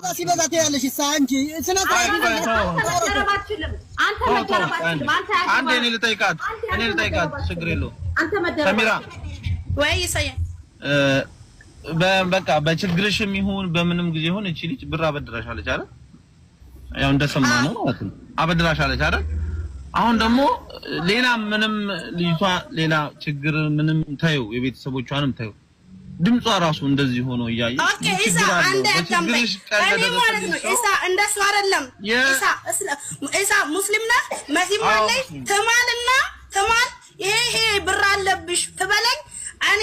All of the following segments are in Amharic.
አበባ ሲበዛ ትያለሽ። እሳ አንቺ ስነ ስርዓት አንድ እኔ ልጠይቃት እኔ ልጠይቃት ችግር የለውም ሰሚራ ወይ ሰያ በቃ በችግርሽም ይሁን በምንም ጊዜ ይሁን እቺ ልጅ ብር አበድራሻለች አይደል? ያው እንደሰማ ነው ማለት ነው። አበድራሻለች አይደል? አሁን ደግሞ ሌላ ምንም ልጅቷ ሌላ ችግር ምንም ታዩ የቤተሰቦቿንም ታዩ ድምጿ ራሱ እንደዚህ ሆኖ እያየ ኦኬ አንድ እኔ ማለት ነው እንደሱ አይደለም ሙስሊም ነህ መሲም አለኝ ትማልና ትማል ይሄ ይሄ ብር አለብሽ ትበለኝ እኔ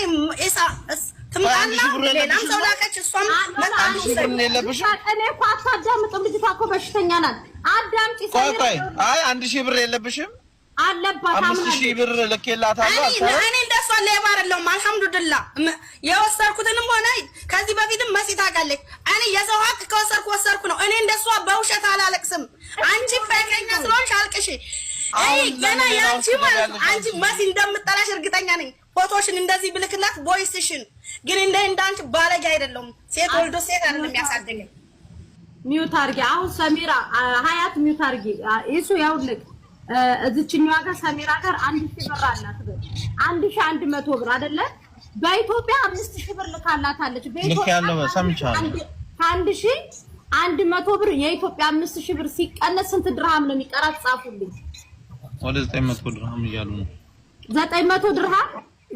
ኢሳ አንድ ሺህ ብር የለብሽም አለባት አምስት ሺህ ብር ልኬላታለሁ እንኳን ሌባ አይደለሁም። አልሐምዱልላ የወሰርኩትንም ሆነ ከዚህ በፊትም መሲ ታውቃለች። እኔ የሰው ሀቅ ከወሰርኩ ወሰርኩ ነው። እኔ እንደሷ በውሸት አላለቅስም። አንቺ ፈቀኛ ስለሆንሽ አልቅሽ። ገና ያንቺ ማለት አንቺ መሲ እንደምጠላሽ እርግጠኛ ነኝ። ፎቶሽን እንደዚህ ብልክላት ቮይስሽን ግን እንደ እንዳንቺ ባለጌ አይደለሁም። ሴት ወልዶ ሴት አይደለም የሚያሳድገኝ። ሚውት አድርጊ አሁን ሰሚራ ሀያት ሚውት አድርጊ እሱ ያውልቅ እዚችኛዋ ጋር ሰሜራ ጋር አንድ ሺህ ብር አላት። ብር አንድ ሺ አንድ መቶ ብር አይደለ? በኢትዮጵያ አምስት ሺ ብር ልካላታለች። በኢትዮጵያ ከአንድ ሺ አንድ መቶ ብር የኢትዮጵያ አምስት ሺ ብር ሲቀነስ ስንት ድርሃም ነው የሚቀራት? ጻፉልኝ። ወደ ዘጠኝ መቶ ድርሃም እያሉ ነው። ዘጠኝ መቶ ድርሃም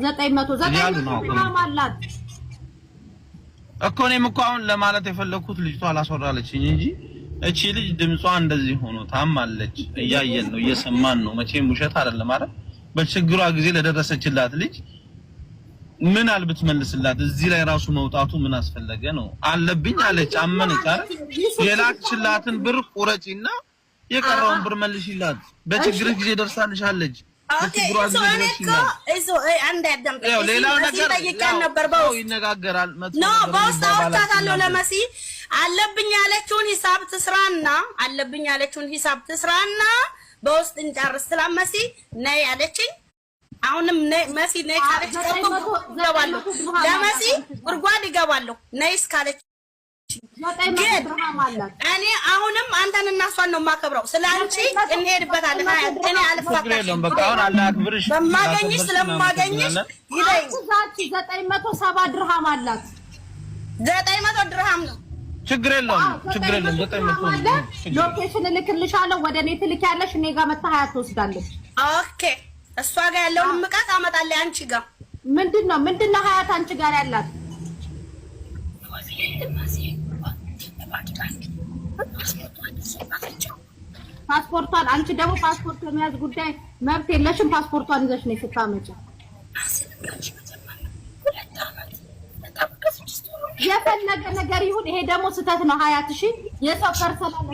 ዘጠኝ መቶ ዘጠኝ መቶ ድርሃም አላት እኮ እኔም እኮ አሁን ለማለት የፈለግኩት ልጅቷ አላስወራለችኝ እንጂ እቺ ልጅ ድምጿ እንደዚህ ሆኖ ታማለች። እያየን ነው፣ እየሰማን ነው። መቼም ውሸት አይደለም አይደል? በችግሯ ጊዜ ለደረሰችላት ልጅ ምን አልብት መልስላት። እዚህ ላይ ራሱ መውጣቱ ምን አስፈለገ ነው? አለብኝ አለች፣ አመነች አይደል? የላክችላትን ብር ቁረጪና የቀረውን ብር መልሽላት። በችግርሽ ጊዜ ደርሳልሻለች። ሌላው ነገር ይነጋገራል። ነው በውስጥ አውርታታለሁ ለመሲ አለብኝ ያለችውን ሂሳብ ትስራና አለብኝ ያለችውን ሂሳብ ትስራና በውስጥ እንጨርስ ስላመሲ ነይ ያለችኝ አሁንም ነይ መሲ ነይ ካለች ገባለሁ፣ ለመሲ ጉድጓድ ይገባለሁ። ነይ እስካለች ግን እኔ አሁንም አንተን እና እሷን ነው የማከብረው። ስለ አንቺ እንሄድበታለን። እኔ አልፋታሽም። በማገኝሽ ስለማገኝሽ ይለኝ ዘጠኝ መቶ ሰባ ድርሃም አላት። ዘጠኝ መቶ ድርሃም ነው ችግር የለም፣ ችግር የለም። ዘጠኝ መቶ ሎኬሽን እልክልሻለሁ። ወደ እኔ ትልኪያለሽ፣ እኔ ጋር መታ ሀያ ትወስዳለች። ኦኬ፣ እሷ ጋር ያለውን ምቃት አመጣለሁ። አንቺ ጋር ምንድን ነው ምንድን ነው ሀያት አንቺ ጋር ያላት ፓስፖርቷን። አንቺ ደግሞ ፓስፖርት ለመያዝ ጉዳይ መብት የለሽም። ፓስፖርቷን ይዘሽ ነው ስታመጪ የፈለገ ነገር ይሁን፣ ይሄ ደግሞ ስህተት ነው። ሀያት ሺ የሰው ፐርሰናል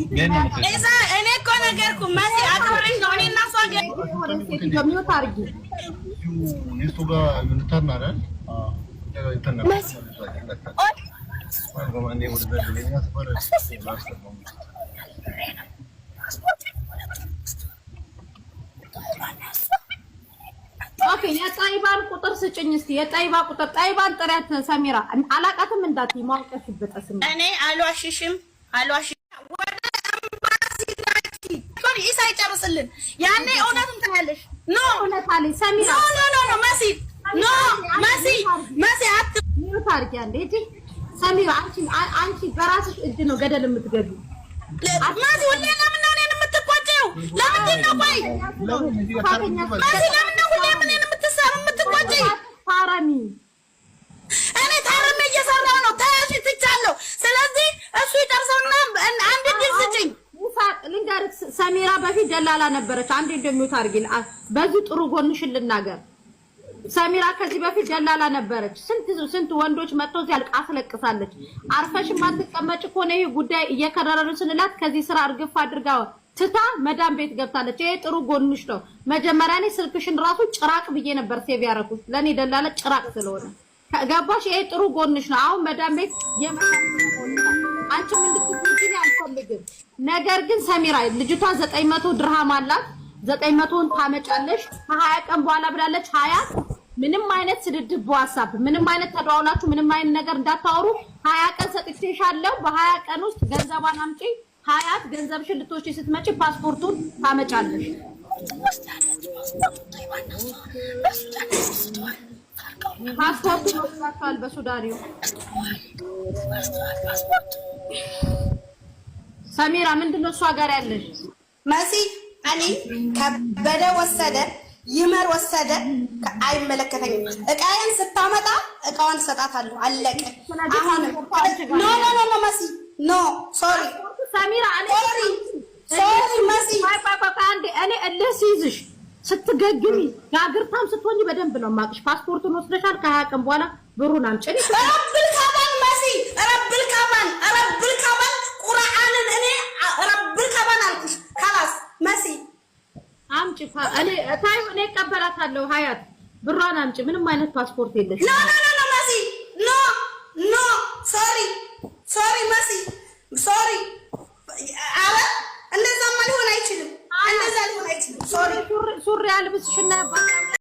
እዛ እኔ እኮ ነገርኩ መሲ አክብረኝ ነው። እኔ እና እሷ ኦኬ፣ የጣይባን ቁጥር ስጭኝ እስቲ። የጣይባ ቁጥር ጣይባን ጥሪያት ሰሚራ። አላቃትም እንዳት ማውቀሽበት ስም እኔ አልዋሽሽም፣ አልዋሽ ወደ ኤምባሲ ኮን ኢሳ ይጨርስልን። ያኔ እውነቱን ታያለሽ። ኖ እውነት ሰሚራ። ኖ ኖ ኖ መሲ ኖ መሲ መሲ አት እጂ ሰሚራ፣ አንቺ አንቺ በራስሽ እጅ ነው ገደል የምትገቢ ማሲ። ወላሂ ለምን ነው እኔን የምትቆጪው? ለምንድን ነው ቆይ ማሲ ለምን ነው አትቆጪ። ታረሚ። እኔ ታረሚ እየሰራሁ ነው። ተያዥ ትቻለሁ። ስለዚህ እሱ ይጨርሰውና አንድ ድል ስጭኝ። ልንገርህ፣ ሰሜራ በፊት ደላላ ነበረች። አንድ እንደሚወት አድርጊ። በዚህ ጥሩ ጎንሽን ልናገር። ሰሚራ ከዚህ በፊት ደላላ ነበረች። ስንት ስንት ወንዶች መጥተው እዚህ አስለቅሳለች። አርፈሽ ማትቀመጭ ከሆነ ይህ ጉዳይ እየከረረን ስንላት ከዚህ ስራ እርግፍ አድርጋ ትታ መዳም ቤት ገብታለች። ይሄ ጥሩ ጎንሽ ነው። መጀመሪያ እኔ ስልክሽን ራሱ ጭራቅ ብዬ ነበር ሴቭ ያደረኩት ለእኔ ደላለ ጭራቅ ስለሆነ ገባሽ። ይሄ ጥሩ ጎንሽ ነው። አሁን መዳም ቤት አንቺም እንድትጎጂኝ አልፈልግም። ነገር ግን ሰሚራ ልጅቷ ዘጠኝ መቶ ድርሃም አላት። ዘጠኝ መቶውን ታመጫለሽ ከሀያ ቀን በኋላ ብላለች። ሀያ ምንም አይነት ስድድብ በዋሳብ ምንም አይነት ተደዋውላችሁ ምንም አይነት ነገር እንዳታወሩ ሀያ ቀን ሰጥቼሻለሁ። በሀያ ቀን ውስጥ ገንዘቧን አምጪ ሀያት ገንዘብሽን ልትወጪ ስትመጪ ፓስፖርቱን ታመጫለሽ። ፓስፖርቱን ወስዳችኋል። በሱዳሪው ሰሚራ ምንድን ነው እሷ ጋር ያለሽ? መሲ እኔ ከበደ ወሰደ ይመር ወሰደ። አይመለከተኝም። እቃዬን ስታመጣ እቃዋን እሰጣታለሁ። አለቀ። አሁን ኖ ኖ ኖ መሲ ኖ ሶሪ ሰሚራ እኔ እኔ እልህ ሲይዝሽ ስትገግሚ ጋግርታም ስትሆኝ በደንብ ነው የማውቅሽ። ፓስፖርቱን ወስደሻል። ከሀያ ቀን በኋላ ብሩን አምጪ። ረብል ካባን መሲ ረብል ካባን ረብል ካባን ቁርአንን እኔ ረብል ካባን አልኩሽ። ካላስ መሲ አምጪ። እኔ እታዩ እኔ እቀበላታለሁ። ሀያት ብሯን አምጪ። ምንም አይነት ፓስፖርት የለሽ 去那